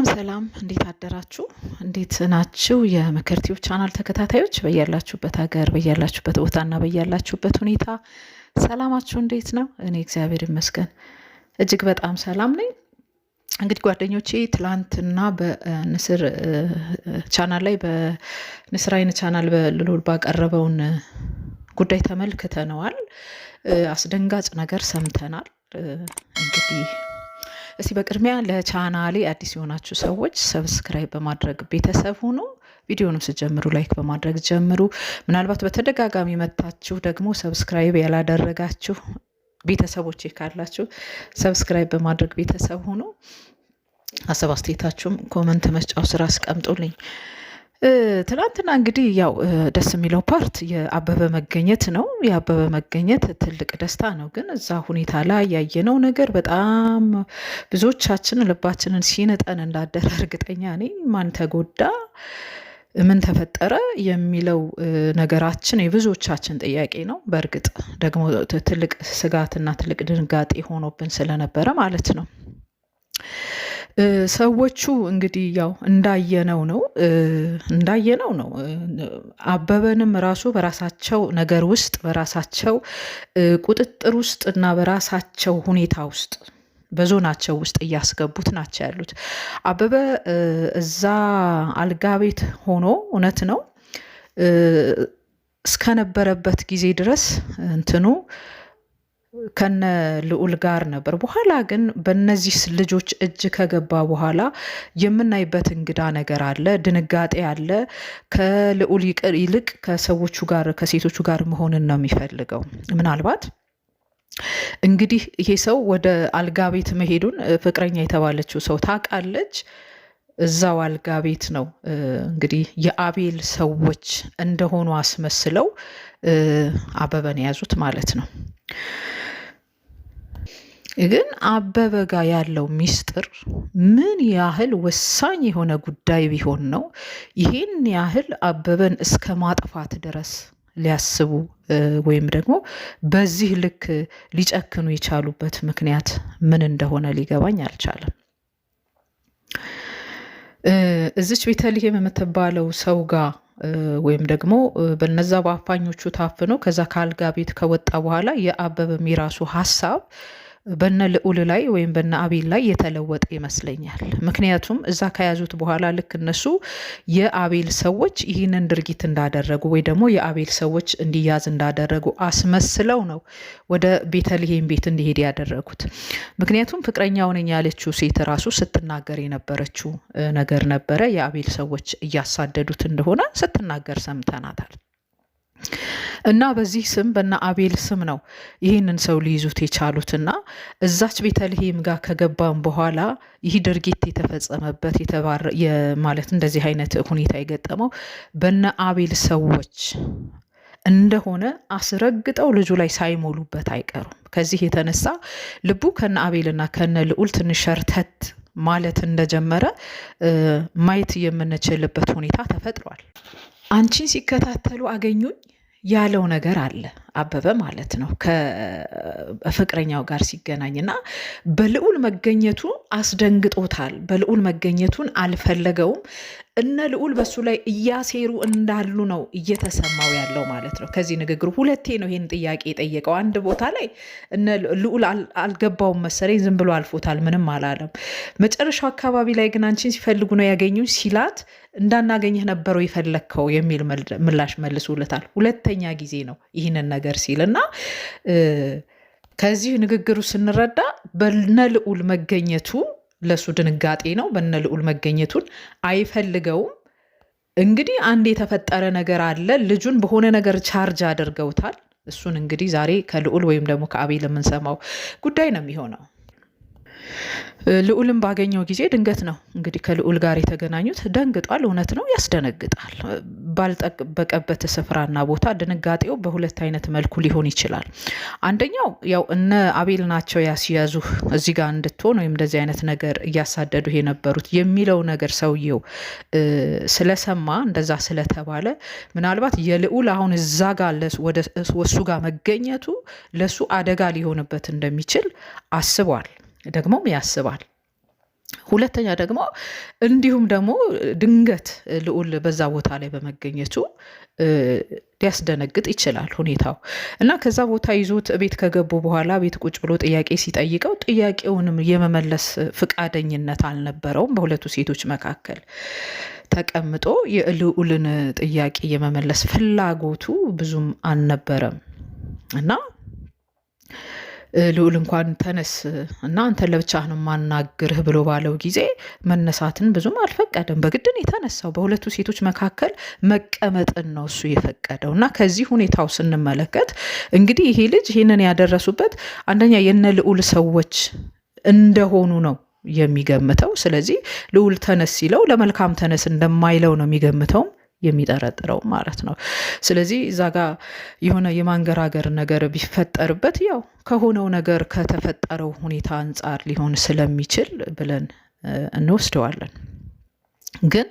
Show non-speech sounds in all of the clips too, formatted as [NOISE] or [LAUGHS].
ሰላም ሰላም፣ እንዴት አደራችሁ? እንዴት ናችሁ? የምክር ቲዩብ ቻናል ተከታታዮች በያላችሁበት ሀገር በያላችሁበት ቦታና በያላችሁበት ሁኔታ ሰላማችሁ እንዴት ነው? እኔ እግዚአብሔር ይመስገን እጅግ በጣም ሰላም ነኝ። እንግዲህ ጓደኞቼ ትላንትና በንስር ቻናል ላይ በንስር አይን ቻናል በልሎል ባቀረበውን ጉዳይ ተመልክተነዋል። አስደንጋጭ ነገር ሰምተናል። እንግዲህ እስቲ በቅድሚያ ለቻናሌ አዲስ የሆናችሁ ሰዎች ሰብስክራይብ በማድረግ ቤተሰብ ሁኑ። ቪዲዮንም ስጀምሩ ላይክ በማድረግ ጀምሩ። ምናልባት በተደጋጋሚ መታችሁ ደግሞ ሰብስክራይብ ያላደረጋችሁ ቤተሰቦች ካላችሁ ሰብስክራይብ በማድረግ ቤተሰብ ሁኑ። አሰብ አስተያየታችሁም ኮመንት መስጫው ስራ አስቀምጡልኝ። ትናንትና እንግዲህ ያው ደስ የሚለው ፓርት የአበበ መገኘት ነው። የአበበ መገኘት ትልቅ ደስታ ነው። ግን እዛ ሁኔታ ላይ ያየነው ነገር በጣም ብዙዎቻችን ልባችንን ሲንጠን እንዳደረ እርግጠኛ ነኝ። ማን ተጎዳ፣ ምን ተፈጠረ የሚለው ነገራችን የብዙዎቻችን ጥያቄ ነው። በእርግጥ ደግሞ ትልቅ ስጋትና ትልቅ ድንጋጤ ሆኖብን ስለነበረ ማለት ነው። ሰዎቹ እንግዲህ ያው እንዳየነው ነው እንዳየነው ነው። አበበንም ራሱ በራሳቸው ነገር ውስጥ በራሳቸው ቁጥጥር ውስጥ እና በራሳቸው ሁኔታ ውስጥ በዞናቸው ውስጥ እያስገቡት ናቸው ያሉት። አበበ እዛ አልጋ ቤት ሆኖ እውነት ነው እስከነበረበት ጊዜ ድረስ እንትኑ ከነ ልዑል ጋር ነበር። በኋላ ግን በነዚህ ልጆች እጅ ከገባ በኋላ የምናይበት እንግዳ ነገር አለ፣ ድንጋጤ አለ። ከልዑል ይልቅ ከሰዎቹ ጋር ከሴቶቹ ጋር መሆንን ነው የሚፈልገው። ምናልባት እንግዲህ ይሄ ሰው ወደ አልጋ ቤት መሄዱን ፍቅረኛ የተባለችው ሰው ታውቃለች። እዛው አልጋ ቤት ነው እንግዲህ የአቤል ሰዎች እንደሆኑ አስመስለው አበበን የያዙት ማለት ነው። ግን አበበ ጋ ያለው ሚስጥር ምን ያህል ወሳኝ የሆነ ጉዳይ ቢሆን ነው ይህን ያህል አበበን እስከ ማጥፋት ድረስ ሊያስቡ ወይም ደግሞ በዚህ ልክ ሊጨክኑ የቻሉበት ምክንያት ምን እንደሆነ ሊገባኝ አልቻለም። እዚች ቤተልሔም የምትባለው ሰው ጋር ወይም ደግሞ በነዛ በአፋኞቹ ታፍኖ ከዛ ከአልጋ ቤት ከወጣ በኋላ የአበበ የራሱ ሀሳብ በነ ልዑል ላይ ወይም በነ አቤል ላይ የተለወጠ ይመስለኛል። ምክንያቱም እዛ ከያዙት በኋላ ልክ እነሱ የአቤል ሰዎች ይህንን ድርጊት እንዳደረጉ ወይ ደግሞ የአቤል ሰዎች እንዲያዝ እንዳደረጉ አስመስለው ነው ወደ ቤተልሔም ቤት እንዲሄድ ያደረጉት። ምክንያቱም ፍቅረኛው ነኝ ያለችው ሴት ራሱ ስትናገር የነበረችው ነገር ነበረ የአቤል ሰዎች እያሳደዱት እንደሆነ ስትናገር ሰምተናታል። እና በዚህ ስም በነ አቤል ስም ነው ይህንን ሰው ሊይዙት የቻሉትና እዛች ቤተልሔም ጋር ከገባም በኋላ ይህ ድርጊት የተፈጸመበት ማለት እንደዚህ አይነት ሁኔታ የገጠመው በነ አቤል ሰዎች እንደሆነ አስረግጠው ልጁ ላይ ሳይሞሉበት አይቀሩም። ከዚህ የተነሳ ልቡ ከነ አቤልና ከነ ልዑል ትንሽ ሸርተት ማለት እንደጀመረ ማየት የምንችልበት ሁኔታ ተፈጥሯል። አንቺን ሲከታተሉ አገኙኝ ያለው ነገር አለ አበበ ማለት ነው። ከፍቅረኛው ጋር ሲገናኝ እና በልዑል መገኘቱ አስደንግጦታል። በልዑል መገኘቱን አልፈለገውም። እነ ልዑል በሱ ላይ እያሴሩ እንዳሉ ነው እየተሰማው ያለው ማለት ነው። ከዚህ ንግግሩ ሁለቴ ነው ይህን ጥያቄ የጠየቀው። አንድ ቦታ ላይ እነ ልዑል አልገባውም መሰለኝ ዝም ብሎ አልፎታል፣ ምንም አላለም። መጨረሻው አካባቢ ላይ ግን አንቺን ሲፈልጉ ነው ያገኙ ሲላት እንዳናገኘህ ነበረው የፈለግከው የሚል ምላሽ መልሶለታል። ሁለተኛ ጊዜ ነው ይህንን ነገር ሲል እና ከዚህ ንግግሩ ስንረዳ በነ ልዑል መገኘቱ ለእሱ ድንጋጤ ነው። በነ ልዑል መገኘቱን አይፈልገውም። እንግዲህ አንድ የተፈጠረ ነገር አለ። ልጁን በሆነ ነገር ቻርጅ አድርገውታል። እሱን እንግዲህ ዛሬ ከልዑል ወይም ደግሞ ከአቤል የምንሰማው ጉዳይ ነው የሚሆነው። ልዑልም ባገኘው ጊዜ ድንገት ነው እንግዲህ ከልዑል ጋር የተገናኙት። ደንግጧል። እውነት ነው፣ ያስደነግጣል። ባልጠበቀበት ስፍራና ቦታ ድንጋጤው በሁለት አይነት መልኩ ሊሆን ይችላል። አንደኛው ያው እነ አቤል ናቸው ያስያዙ እዚህ ጋር እንድትሆን ወይም እንደዚህ አይነት ነገር እያሳደዱ የነበሩት የሚለው ነገር ሰውየው ስለሰማ እንደዛ ስለተባለ ምናልባት የልዑል አሁን እዛ ጋር ወደ እሱ ጋር መገኘቱ ለሱ አደጋ ሊሆንበት እንደሚችል አስቧል። ደግሞም ያስባል። ሁለተኛ ደግሞ እንዲሁም ደግሞ ድንገት ልዑል በዛ ቦታ ላይ በመገኘቱ ሊያስደነግጥ ይችላል ሁኔታው እና ከዛ ቦታ ይዞት ቤት ከገቡ በኋላ ቤት ቁጭ ብሎ ጥያቄ ሲጠይቀው ጥያቄውንም የመመለስ ፍቃደኝነት አልነበረውም። በሁለቱ ሴቶች መካከል ተቀምጦ የልዑልን ጥያቄ የመመለስ ፍላጎቱ ብዙም አልነበረም እና ልዑል እንኳን ተነስ እና አንተን ለብቻ ነው ማናግርህ ብሎ ባለው ጊዜ መነሳትን ብዙም አልፈቀደም። በግድን የተነሳው በሁለቱ ሴቶች መካከል መቀመጥን ነው እሱ የፈቀደው እና ከዚህ ሁኔታው ስንመለከት እንግዲህ ይሄ ልጅ ይህንን ያደረሱበት አንደኛ የነ ልዑል ሰዎች እንደሆኑ ነው የሚገምተው። ስለዚህ ልዑል ተነስ ሲለው ለመልካም ተነስ እንደማይለው ነው የሚገምተውም የሚጠረጥረው ማለት ነው። ስለዚህ እዛ ጋ የሆነ የማንገራገር ነገር ቢፈጠርበት ያው ከሆነው ነገር ከተፈጠረው ሁኔታ አንጻር ሊሆን ስለሚችል ብለን እንወስደዋለን ግን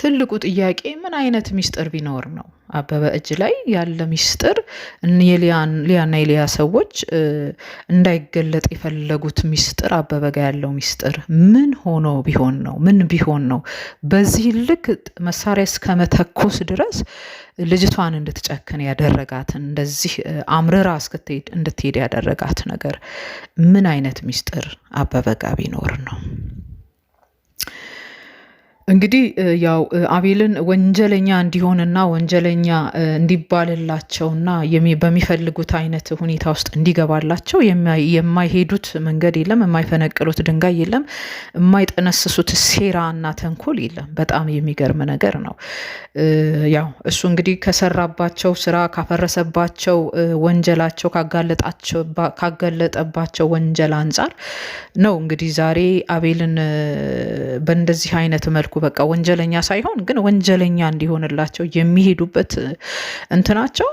ትልቁ ጥያቄ ምን አይነት ሚስጥር ቢኖር ነው አበበ እጅ ላይ ያለ ሚስጥር ሊያና የሊያ ሰዎች እንዳይገለጥ የፈለጉት ሚስጥር አበበ ጋ ያለው ሚስጥር ምን ሆኖ ቢሆን ነው? ምን ቢሆን ነው በዚህ ልክ መሳሪያ እስከ መተኮስ ድረስ ልጅቷን እንድትጨክን ያደረጋትን እንደዚህ አምርራ እስክትሄድ እንድትሄድ ያደረጋት ነገር ምን አይነት ሚስጥር አበበ ጋ ቢኖር ነው? እንግዲህ ያው አቤልን ወንጀለኛ እንዲሆንና ወንጀለኛ እንዲባልላቸውና በሚፈልጉት አይነት ሁኔታ ውስጥ እንዲገባላቸው የማይሄዱት መንገድ የለም፣ የማይፈነቅሉት ድንጋይ የለም፣ የማይጠነስሱት ሴራ እና ተንኮል የለም። በጣም የሚገርም ነገር ነው። ያው እሱ እንግዲህ ከሰራባቸው ስራ፣ ካፈረሰባቸው ወንጀላቸው፣ ካጋለጠባቸው ወንጀል አንጻር ነው እንግዲህ ዛሬ አቤልን በእንደዚህ አይነት መልኩ በቃ ወንጀለኛ ሳይሆን ግን ወንጀለኛ እንዲሆንላቸው የሚሄዱበት እንትናቸው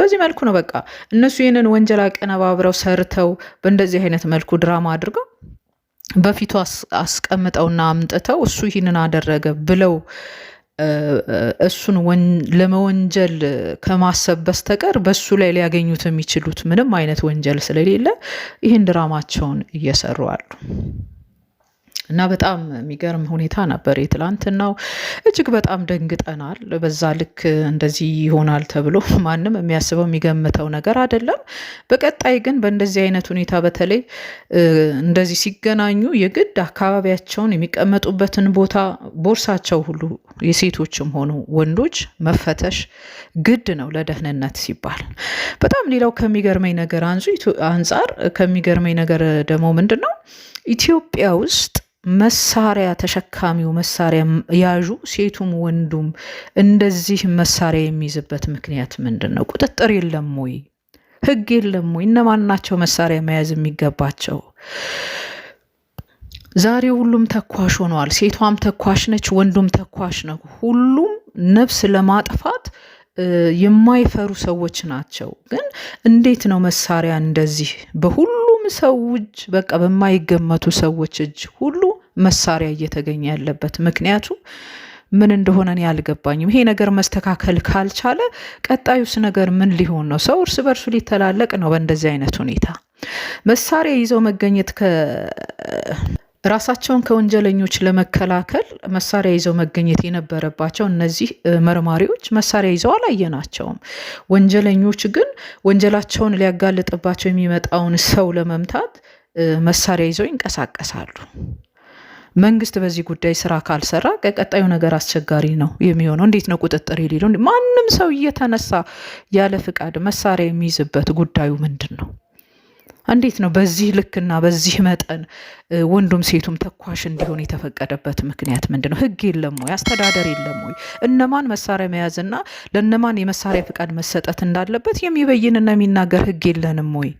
በዚህ መልኩ ነው። በቃ እነሱ ይህንን ወንጀል አቀነባብረው ሰርተው በእንደዚህ አይነት መልኩ ድራማ አድርገው በፊቱ አስቀምጠውና አምጥተው እሱ ይህንን አደረገ ብለው እሱን ለመወንጀል ከማሰብ በስተቀር በሱ ላይ ሊያገኙት የሚችሉት ምንም አይነት ወንጀል ስለሌለ ይህን ድራማቸውን እየሰሩ አሉ። እና በጣም የሚገርም ሁኔታ ነበር የትላንትናው። እጅግ በጣም ደንግጠናል። በዛ ልክ እንደዚህ ይሆናል ተብሎ [LAUGHS] ማንም የሚያስበው የሚገምተው ነገር አይደለም። በቀጣይ ግን በእንደዚህ አይነት ሁኔታ በተለይ እንደዚህ ሲገናኙ የግድ አካባቢያቸውን የሚቀመጡበትን ቦታ ቦርሳቸው ሁሉ የሴቶችም ሆኑ ወንዶች መፈተሽ ግድ ነው ለደህንነት ሲባል። በጣም ሌላው ከሚገርመኝ ነገር አንጻር ከሚገርመኝ ነገር ደግሞ ምንድን ነው ኢትዮጵያ ውስጥ መሳሪያ ተሸካሚው መሳሪያ ያዡ ሴቱም ወንዱም እንደዚህ መሳሪያ የሚይዝበት ምክንያት ምንድን ነው? ቁጥጥር የለም ወይ? ህግ የለም ወይ? እነማን ናቸው መሳሪያ መያዝ የሚገባቸው? ዛሬ ሁሉም ተኳሽ ሆነዋል። ሴቷም ተኳሽ ነች፣ ወንዱም ተኳሽ ነው። ሁሉም ነፍስ ለማጥፋት የማይፈሩ ሰዎች ናቸው። ግን እንዴት ነው መሳሪያ እንደዚህ በሁሉም ሰው እጅ በቃ በማይገመቱ ሰዎች እጅ ሁሉ መሳሪያ እየተገኘ ያለበት ምክንያቱ ምን እንደሆነ እኔ አልገባኝም። ይሄ ነገር መስተካከል ካልቻለ ቀጣዩስ ነገር ምን ሊሆን ነው? ሰው እርስ በርሱ ሊተላለቅ ነው። በእንደዚህ አይነት ሁኔታ መሳሪያ ይዘው መገኘት ከ ራሳቸውን ከወንጀለኞች ለመከላከል መሳሪያ ይዘው መገኘት የነበረባቸው እነዚህ መርማሪዎች መሳሪያ ይዘው አላየናቸውም። ወንጀለኞች ግን ወንጀላቸውን ሊያጋልጥባቸው የሚመጣውን ሰው ለመምታት መሳሪያ ይዘው ይንቀሳቀሳሉ። መንግስት በዚህ ጉዳይ ስራ ካልሰራ ቀጣዩ ነገር አስቸጋሪ ነው የሚሆነው። እንዴት ነው ቁጥጥር የሌለው ማንም ሰው እየተነሳ ያለ ፍቃድ መሳሪያ የሚይዝበት ጉዳዩ ምንድን ነው? እንዴት ነው በዚህ ልክና በዚህ መጠን ወንዱም ሴቱም ተኳሽ እንዲሆን የተፈቀደበት ምክንያት ምንድን ነው? ህግ የለም ወይ? አስተዳደር የለም ወይ? እነማን መሳሪያ መያዝና ለእነማን የመሳሪያ ፍቃድ መሰጠት እንዳለበት የሚበይንና የሚናገር ህግ የለንም ወይ?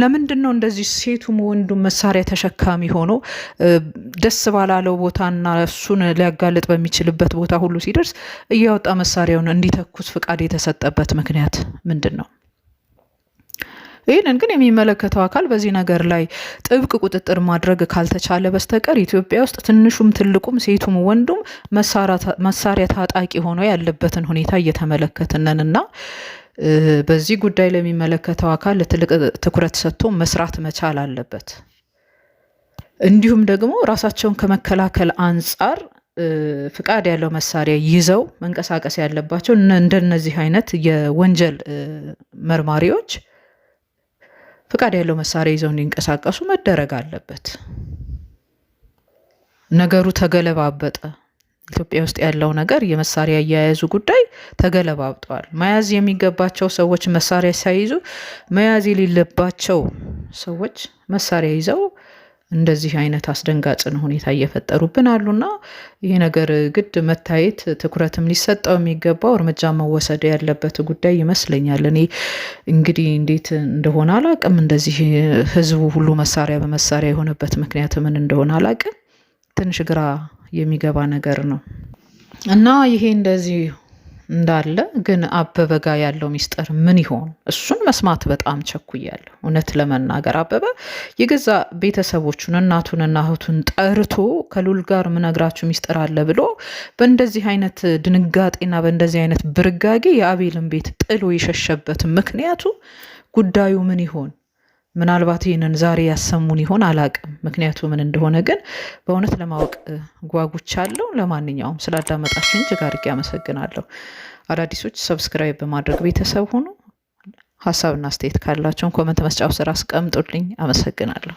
ለምንድን ነው እንደዚህ ሴቱም ወንዱ መሳሪያ ተሸካሚ ሆኖ ደስ ባላለው ቦታና እሱን ሊያጋልጥ በሚችልበት ቦታ ሁሉ ሲደርስ እያወጣ መሳሪያውን እንዲተኩስ ፍቃድ የተሰጠበት ምክንያት ምንድን ነው? ይህንን ግን የሚመለከተው አካል በዚህ ነገር ላይ ጥብቅ ቁጥጥር ማድረግ ካልተቻለ በስተቀር ኢትዮጵያ ውስጥ ትንሹም ትልቁም ሴቱም ወንዱም መሳሪያ ታጣቂ ሆኖ ያለበትን ሁኔታ እየተመለከትነን እና በዚህ ጉዳይ ለሚመለከተው አካል ለትልቅ ትኩረት ሰጥቶ መስራት መቻል አለበት። እንዲሁም ደግሞ ራሳቸውን ከመከላከል አንጻር ፍቃድ ያለው መሳሪያ ይዘው መንቀሳቀስ ያለባቸው እንደነዚህ አይነት የወንጀል መርማሪዎች ፍቃድ ያለው መሳሪያ ይዘው እንዲንቀሳቀሱ መደረግ አለበት። ነገሩ ተገለባበጠ። ኢትዮጵያ ውስጥ ያለው ነገር የመሳሪያ አያያዙ ጉዳይ ተገለባብጠዋል። መያዝ የሚገባቸው ሰዎች መሳሪያ ሳይዙ መያዝ የሌለባቸው ሰዎች መሳሪያ ይዘው እንደዚህ አይነት አስደንጋጭን ሁኔታ እየፈጠሩብን አሉና ይህ ነገር ግድ መታየት ትኩረትም ሊሰጠው የሚገባው እርምጃ መወሰድ ያለበት ጉዳይ ይመስለኛል። እኔ እንግዲህ እንዴት እንደሆነ አላቅም። እንደዚህ ህዝቡ ሁሉ መሳሪያ በመሳሪያ የሆነበት ምክንያት ምን እንደሆነ አላቅም። ትንሽ ግራ የሚገባ ነገር ነው እና ይሄ እንደዚህ እንዳለ ግን አበበ ጋ ያለው ሚስጥር ምን ይሆን? እሱን መስማት በጣም ቸኩያለሁ። እውነት ለመናገር አበበ የገዛ ቤተሰቦቹን እናቱንና እህቱን ጠርቶ ከሉል ጋር ምነግራችሁ ሚስጥር አለ ብሎ በእንደዚህ አይነት ድንጋጤና በእንደዚህ አይነት ብርጋጌ የአቤልን ቤት ጥሎ የሸሸበት ምክንያቱ ጉዳዩ ምን ይሆን? ምናልባት ይህንን ዛሬ ያሰሙን ይሆን አላቅም። ምክንያቱ ምን እንደሆነ ግን በእውነት ለማወቅ ጓጉቻለሁ። ለማንኛውም ስላዳመጣችን እጅግ አድርጌ አመሰግናለሁ። አዳዲሶች ሰብስክራይብ በማድረግ ቤተሰብ ሁኑ። ሀሳብና አስተያየት ካላቸውን ኮመንት መስጫው ስራ አስቀምጡልኝ። አመሰግናለሁ።